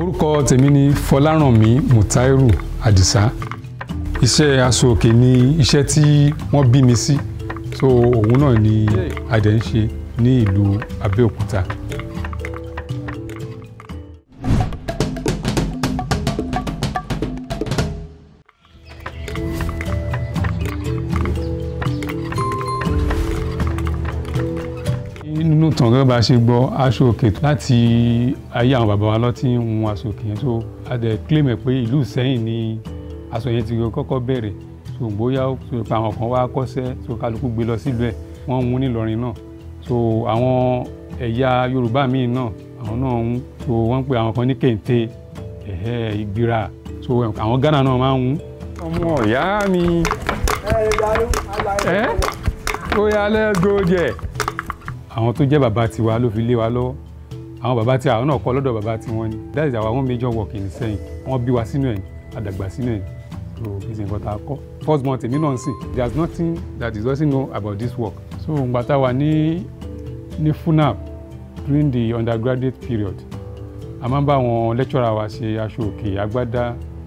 orúkọ tèmi ni Fọlárànmí Mùtáírù Àdìsá iṣẹ́ aṣọòkè ni iṣẹ́ tí wọ́n bí mi sí so òun náà ni adẹ̀ ń ṣe ní ìlú Abẹ́òkúta. ìtàn gẹ́gẹ́ bá ṣe gbọ́ aṣọ òkè láti ayé àwọn bàbá wa lọ tí ń hun aṣọ òkè yẹn so a dẹ̀ claim ẹ̀ pé ìlú Ìsẹ́yìn ni aṣọ yẹn ti kọ́kọ́ bẹ̀rẹ̀ so bóyá pa àwọn kan wá kọ́ṣẹ́ so kálukú gbé lọ sílùú ẹ̀ wọ́n ń hun nílọrin náà so àwọn ẹ̀yà Yorùbá míì náà àwọn náà ń hun so wọ́n ń pe àwọn kan ní kente ẹ̀hẹ́ ìgbìrà so àwọn Ghana náà máa ń hun. ọmọ ìyá mi ẹ ó yà lẹ́gbọ̀ọ́ jẹ́ àwọn tó jẹ́ bàbá tiwa ló fi lé wa lọ́wọ́ àwọn bàbá tí àwọn náà kọ́ lọ́dọ̀ bàbá tiwọn ni that is our own major work in sẹ́yìn wọ́n bí wa sínú ẹ̀ àdàgbà sínú ẹ̀ so kì í ṣe nǹkan tá a kọ́ first month èmi náà ń sìn there is nothing that is doesn't know about this work so ngbà tá a wà ní ní during the undergraduate period a máa ń bá àwọn lecturer wa ṣe aṣọ òkè agbádá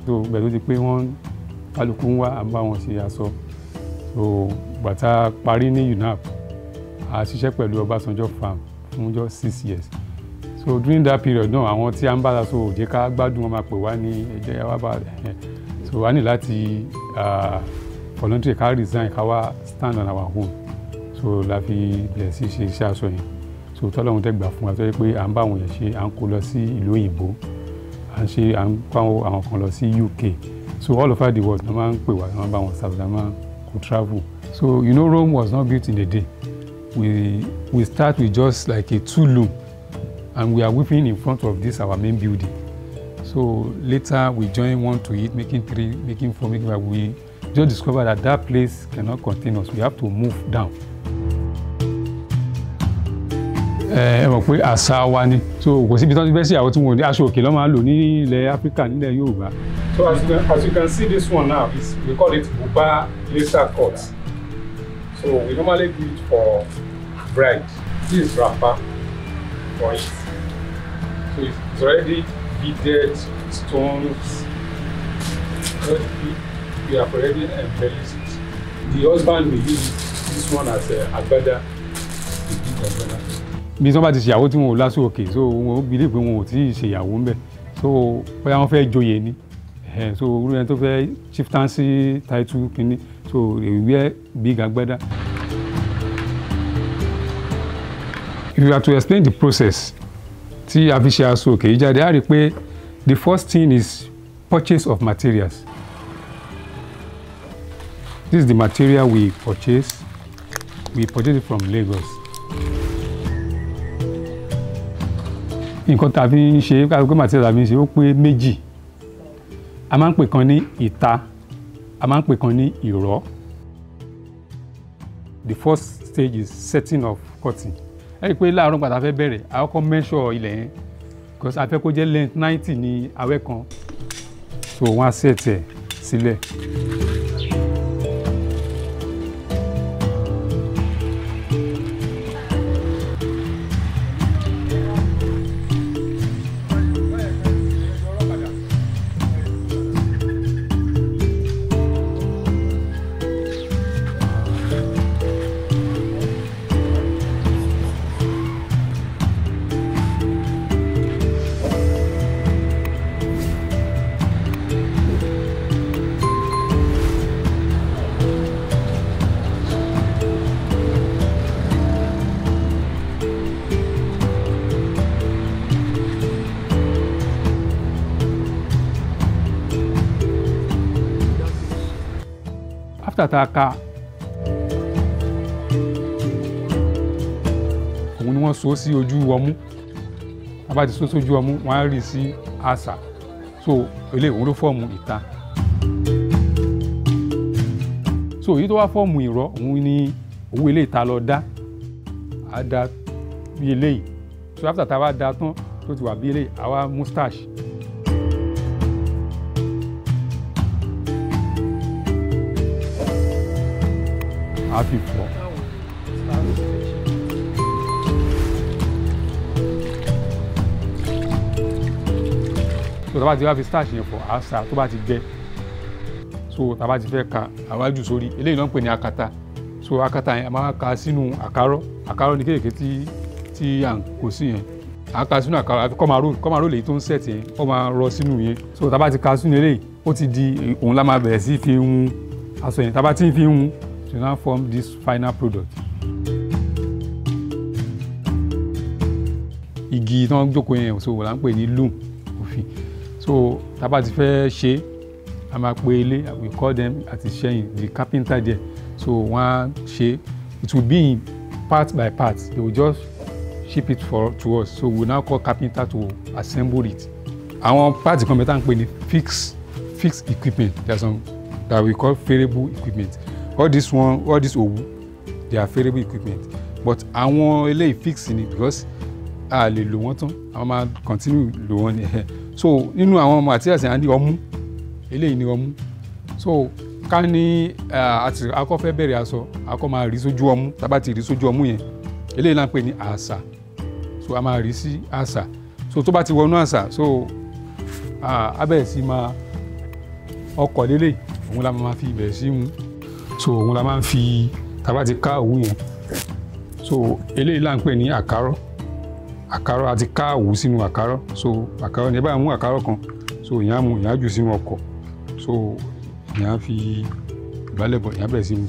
so gbẹ̀dọ̀ ti pé wọ́n kálukú ń wá à ń bá wọn ṣe aṣọ so gbà tá parí ní UNAB a ṣiṣẹ́ pẹ̀lú Ọbásanjọ́ farm fún just six years so during that period náà àwọn tí a ń bára so òjé ká gbádùn wọn máa pè wá ní ẹjẹ wá bá so wá ní láti voluntary ká resign ká wá stand on our own so la fi bẹ̀rẹ̀ sí ṣe iṣẹ́ aṣọ yẹn so tọ́lọ́run tẹ́ gbà fún wa tó yẹ pé à ń bá àwọn yẹn ṣe à ń kó lọ sí ìlú òyìnbó à ń ṣe à ń kó àwọn kan lọ sí UK so all of the world ni wọ́n máa ń pè wá ni wọ́n bá wọn sàbẹ̀dá máa kó travel so you know Rome was not built in a day we we start with just like a two loop, and we are weaving in front of this our main building so later we join one to it making three making four making five we just discover that that place cannot contain us we have to move down. Eh, ẹ mọ̀ pé àṣà wa ni so kò síbi tí ti fẹ́ àwọn tí wọ́n aṣọ òkè lọ́ máa lò ní ilẹ̀ Áfíríkà nílẹ̀ Yorùbá. so as you, can, as you can see this one now is we call it buba laser cut. So we normally do it for bread. This is wrapper for it. So it's already beaded, stones. We have already embellished it. The husband will use this one as uh, a agbada. bí sọ́n bá ti ṣèyàwó tí wọn ò lásù òkè so wọn ò believe pé wọn ò tí ì ṣèyàwó ńbẹ so bóyá wọn fẹ́ joyè ni so olú yẹn tó fẹ́ chieftaincy title kìíní so they wear big agbada. If you are to explain the process tí a fi ṣe aṣọ òkè yìí jáde á rí i the first thing is purchase of materials. This is the material we purchase. We purchase it from Lagos. Nǹkan tá a fi ń ṣe ká ló pé material tá a fi ń ṣe ó pé méjì. A máa ń pè kan ní ìta a máa ń pè kan ní ìrọ́ the first stage is setting of cotton ẹ rí i pé láàárọ̀ gbàtà fẹ́ bẹ̀rẹ̀ a kọ́kọ́ measure ilẹ̀ yẹn because a fẹ́ kó jẹ́ length ninety ní awẹ́ kan so wọ́n á set ẹ̀ sílẹ̀. Si tíra òun ni wọ́n so sí ojú ọmú tábà ti so sójú ọmú wọ́n á rí sí àṣà so eléyìí òun ló fọ́ọ̀mù ìta so èyí tó wá fọ́ọ̀mù ìrọ̀ òun ni owó eléyìí ta lọ dá a dá bí eléyìí so after tá a wá dá tán tó ti wà bí eléyìí àwa moustache happy for. so tá bá ti wá fi starch yẹn fọ àṣà tó bá ti jẹ so tá bá ti fẹ́ ka àwájú sórí eléyìí náà ń pè ní akata so akata yẹn a máa ka sínú àkárọ́ àkárọ́ ní kéèké tí tí à ń kó sí yẹn a ka sínú àkàrà àfi kọ́má roll kọ́má roll èyí tó ń sẹ̀tì yẹn ó máa rọ sínú yẹn so tá bá ti ka sínú eléyìí ó ti di òun la máa bẹ̀rẹ̀ sí fi hun aṣọ yẹn tá ti fi hun to now form this final product. igi tí wọ́n jókòó yẹn òṣòwò là ń pè ní loom òfin so tá bá ti fẹ́ ṣe a máa pe ilé we call them àti sẹ́yìn the carpenter there so wọ́n á ṣe it will be in part by part they will just ship it for to us so we now call carpenter to assemble it. àwọn páàtì kan bẹ́ẹ̀ tá à ń pè ní fixed fixed equipment there are some that we call variable equipment all this one all this owu they are variable equipment but àwọn eléyìí fix ni because a lè lò wọ́n tán a máa continue lò wọ́n ni so nínú àwọn materials yẹn a ní ọmú eléyìí ni ọmú so ká ní àti akọ fẹ́ bẹ̀rẹ̀ aṣọ akọ máa rí sójú ọmú tábà ti rí sójú ọmú yẹn eléyìí là ń pè ní àṣà so a máa rí sí àṣà so tó bá ti wọnú àṣà so abẹ́rẹ́ sí máa ọkọ̀ lélẹ̀ òun la máa fi bẹ̀rẹ̀ sí mu so òun la máa ń fi tàbá ti ká òwú yẹn so eléyìí là ń pè ní àkárọ́ àkárọ́ àti ká òwú sínú àkárọ́ so àkárọ́ ní ẹ bá mú àkárọ́ kan so ìyá mu ìyá jù sínú ọkọ̀ so ìyá fi ìgbálẹ̀ bọ̀ ìyá bẹ̀rẹ̀ sí mu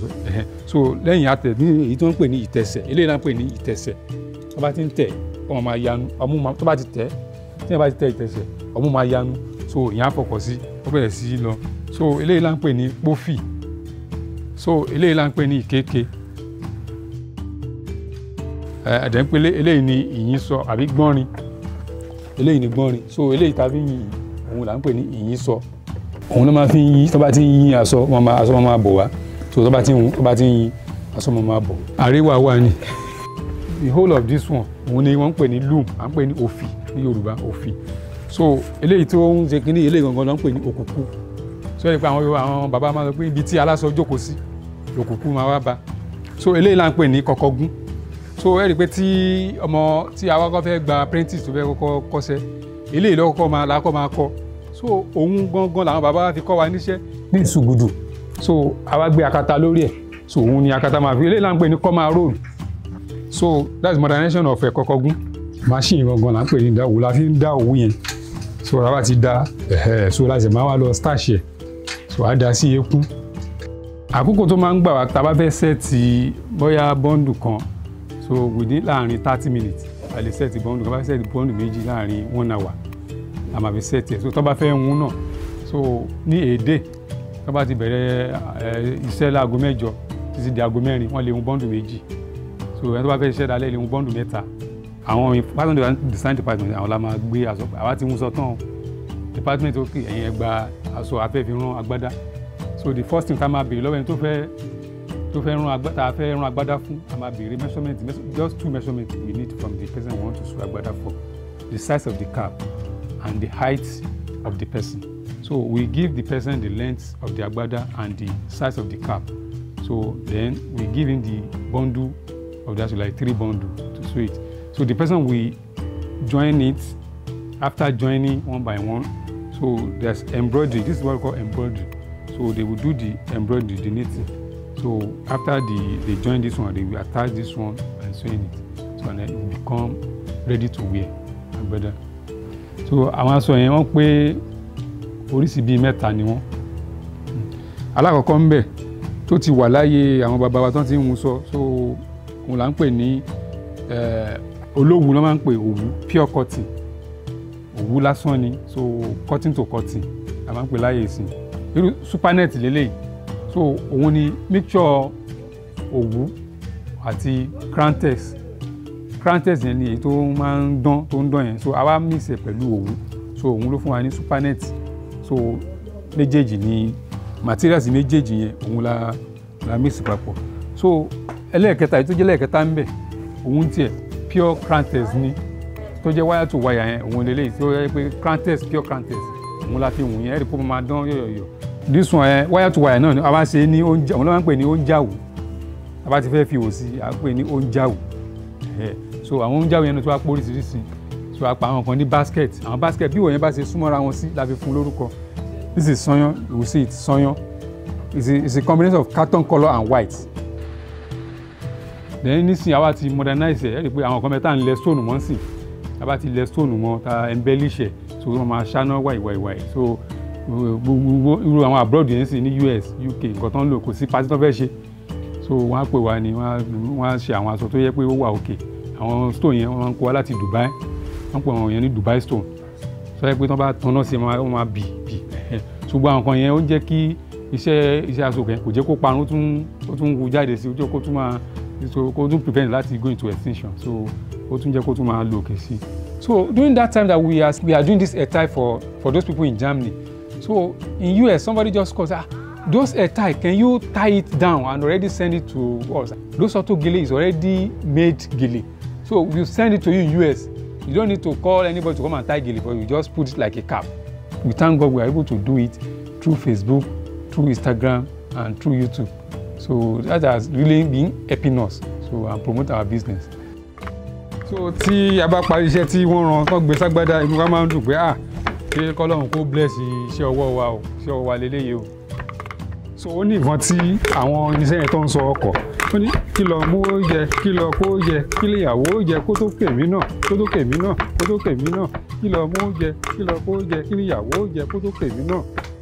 so lẹ́yìn àtẹ̀ ní èyí tó ń pè ní ìtẹ̀sẹ̀ eléyìí là ń pè ní ìtẹ̀sẹ̀ tó bá ti ń tẹ̀ ọmọ máa yanu ọmú máa tó bá ti tẹ̀ tí ẹ bá ti tẹ̀ ìtẹ̀sẹ̀ ọmú máa yanu so ìyá fọkọ̀ sí ó bẹ̀rẹ̀ sí lọ so eléyìí là ń pè ní pófì so eléyìí là ń pè ní ìkéke ẹ̀ẹ́dẹ̀ńpele eléyìí ni ìyín sọ àbí gbọ́nrin eléyìí ni gbọ́nrin so eléyìí tàbí yìnyín òun là ń pè ní ìyín sọ òun náà máa fi yín tó bá ti ń yín aṣọ wọn máa aṣọ wọn máa bò wá so tó ti ń tó ti ń yín aṣọ wọn máa bò. àríwá wa ni the whole of this one òun ni wọ́n ń pè ní loom à ń pè ní òfì ní Yorùbá òfì so eléyìí tó ń ṣe kínní eléyìí gangan ló ń pè ní òkùnkùn so ẹni pé àwọn yorùbá àwọn bàbá máa sọ pé ibi tí aláṣọ jókòó sí lòkùnkùn máa wá bá so eléyìí là ń pè ní kọkọgún so ẹ rí i pé tí ọmọ tí àwa kọ́ fẹ́ gba apprentice tó fẹ́ kọ́kọ́ kọ́ṣẹ́ eléyìí lọ́kọ́ máa làákọ́ máa kọ́ so òun gangan làwọn bàbá wa fi kọ́ wa níṣẹ́ ní ìṣùgùdù so àwa gbé akata lórí ẹ̀ so òun ni akata máa fi eléyìí là ń pè ní kọ́má road so that's modernization of ẹ̀ eh, kọkọgún machine gangan là ń pè ní ìdáwó la fi ń dá òwú so àwa ti dá eh, eh, so láti máa wá lọ starch yẹn wàá dá sí eku àkókò tó máa ń gbà wá tá a bá fẹ́ sẹ́ẹ̀tì bóyá bọ́ǹdù kan so within láàrin thirty minutes a lè sẹ́ẹ̀tì bọ́ǹdù kan bá fẹ́ sẹ́ẹ̀tì bọ́ǹdù méjì láàrin one hour la máa fi sẹ́ẹ̀tì ẹ̀ so tó bá fẹ́ hun náà so ní èdè tó bá ti bẹ̀rẹ̀ iṣẹ́ láago mẹ́jọ títí di aago mẹ́rin wọ́n lè hun bọ́ǹdù méjì so ẹni tó bá fẹ́ iṣẹ́ dalẹ́ lè hun bọ́ǹdù mẹ́ta àwọn department design department àwọn la máa gbé department ó kì ẹ̀yìn aṣọ afẹ́fẹ́ rán agbada, so the first thing tá a máa béèrè lọ́wọ́ ẹni tó fẹ́ tó fẹ́ rán agbádá tá a fẹ́ rán agbádá fún a máa béèrè measurement just two measurements we need from the person we want to sew agbada for the size of the cap and the height of the person so we give the person the length of the agbada and the size of the cap so then we give him the bundle of that like three bundle to sew it so the person we join it after joining one by one So there's embroidery. This is what we call embroidery. So they will do the embroidery, the knitting. So after the, they join this one, they will attach this one and sew it. So and then it will become ready to wear, my brother. So àwọn aṣọ yẹn wọ́n pé oríṣi bíi mẹ́ta ni wọ́n. Alákọ̀ọ́kọ́ ń tó ti wà láyé àwọn bàbá wa tó ti ń sọ. So òun là ń pè ní eh, olówù ló máa ń pè òwú pure cotton òwú lásán ni so cotton to cotton la máa ń pè láyè ìsìn irú supernet lélẹ́yìí so òun ni mixture òwú àti crantex crantex yẹn ni èyí tó máa ń dán tó ń dán yẹn so àwa mix ẹ̀ pẹ̀lú òwú so òun ló fún wa ní supernet so méjèèjì ni materials méjèèjì yẹn òun la la mix papọ̀ so ẹlẹ́ẹ̀kẹta èyí tó jẹ́ ẹlẹ́ẹ̀kẹta ń bẹ̀ òun tiẹ̀ pure crantex ni tó jẹ́ wáyà tó wáyà yẹn òun lélẹ́yìí tó yẹ pé crantest pure crantest òun la fi wù yẹn ẹ̀rí kó máa dán yọ̀yọ̀yọ̀ dísùn ẹ wáyà tó wáyà náà a bá ṣe ní oúnjẹ òun náà ń pè ní oúnjẹ àwò a bá ti fẹ́ fi wò sí a pè ní oúnjẹ àwò so àwọn oúnjẹ àwò yẹn tó wá póríṣiríṣi so a pa àwọn kan ní basket àwọn basket bí ìwọ̀nyẹn bá ṣe súnmọ́ra wọn sí la fi fún lórúkọ this is sanyan you will see it sanyan it's a, it's a combination of carton colour and white then nísìnyí àwa ti modernize ẹ ẹ rí i pé àwọn kan mẹ́ta ń lẹ stone mọ́ sí i tábà ti lẹ stone mọ́ ta embellish ẹ̀ so wọ́n máa ṣáná wàìwàìwàì so gbogbo irú àwọn abroad yẹn sì ní US UK nǹkan tó ń lò kò sí pati tó fẹ́ ṣe so wọ́n á pè wá ni wọ́n á ṣe àwọn aṣọ tó yẹ pé ó wà òkè àwọn stone yẹn wọ́n kó wá láti Dubai wọ́n pè wọ́n yẹn ní Dubai stone sọ yẹ pé tó bá tanná sí wọ́n máa bì bì ṣùgbọ́n àwọn kan yẹn ó jẹ́ kí iṣẹ́ iṣẹ́ aṣọ kẹ́ kò jẹ́ kó parun ó tún ó tún wù jáde sí ojú kó tún máa so kó tún prevent láti go into extinction so ó tún jẹ́ kó tún máa lo òkè sí so during that time that we are we are doing this etai for for those people in Germany so in US somebody just calls ah those etai can you tie it down and already send it to us those auto gele is already made gele so we send it to you in US you don't need to call anybody to come and tie gele for you you just put it like a cap we thank God we are able to do it through Facebook through Instagram and through YouTube so that has really been helping us so and uh, promote our business so tí a bá parí iṣẹ́ tí wọ́n rán kán gbé ságbádá inú wa máa ń dùn pé à ah, pé kọ́lọ́hún kó bless iṣẹ́ ọwọ́ wa o iṣẹ́ ọwọ́ wa lélẹ́yìí o so ó ní nǹkan tí àwọn irinṣẹ́ yẹn tó ń sọ ọkọ̀ ó ní kí lọ mú ó jẹ kí lọ kó ó jẹ kí lè yàwó ó jẹ kó tó kèmí náà kó tó kèmí náà kó tó kèmí náà kí lọ mú ó kí lọ kó ó kí lè yàwó ó kó tó kèmí náà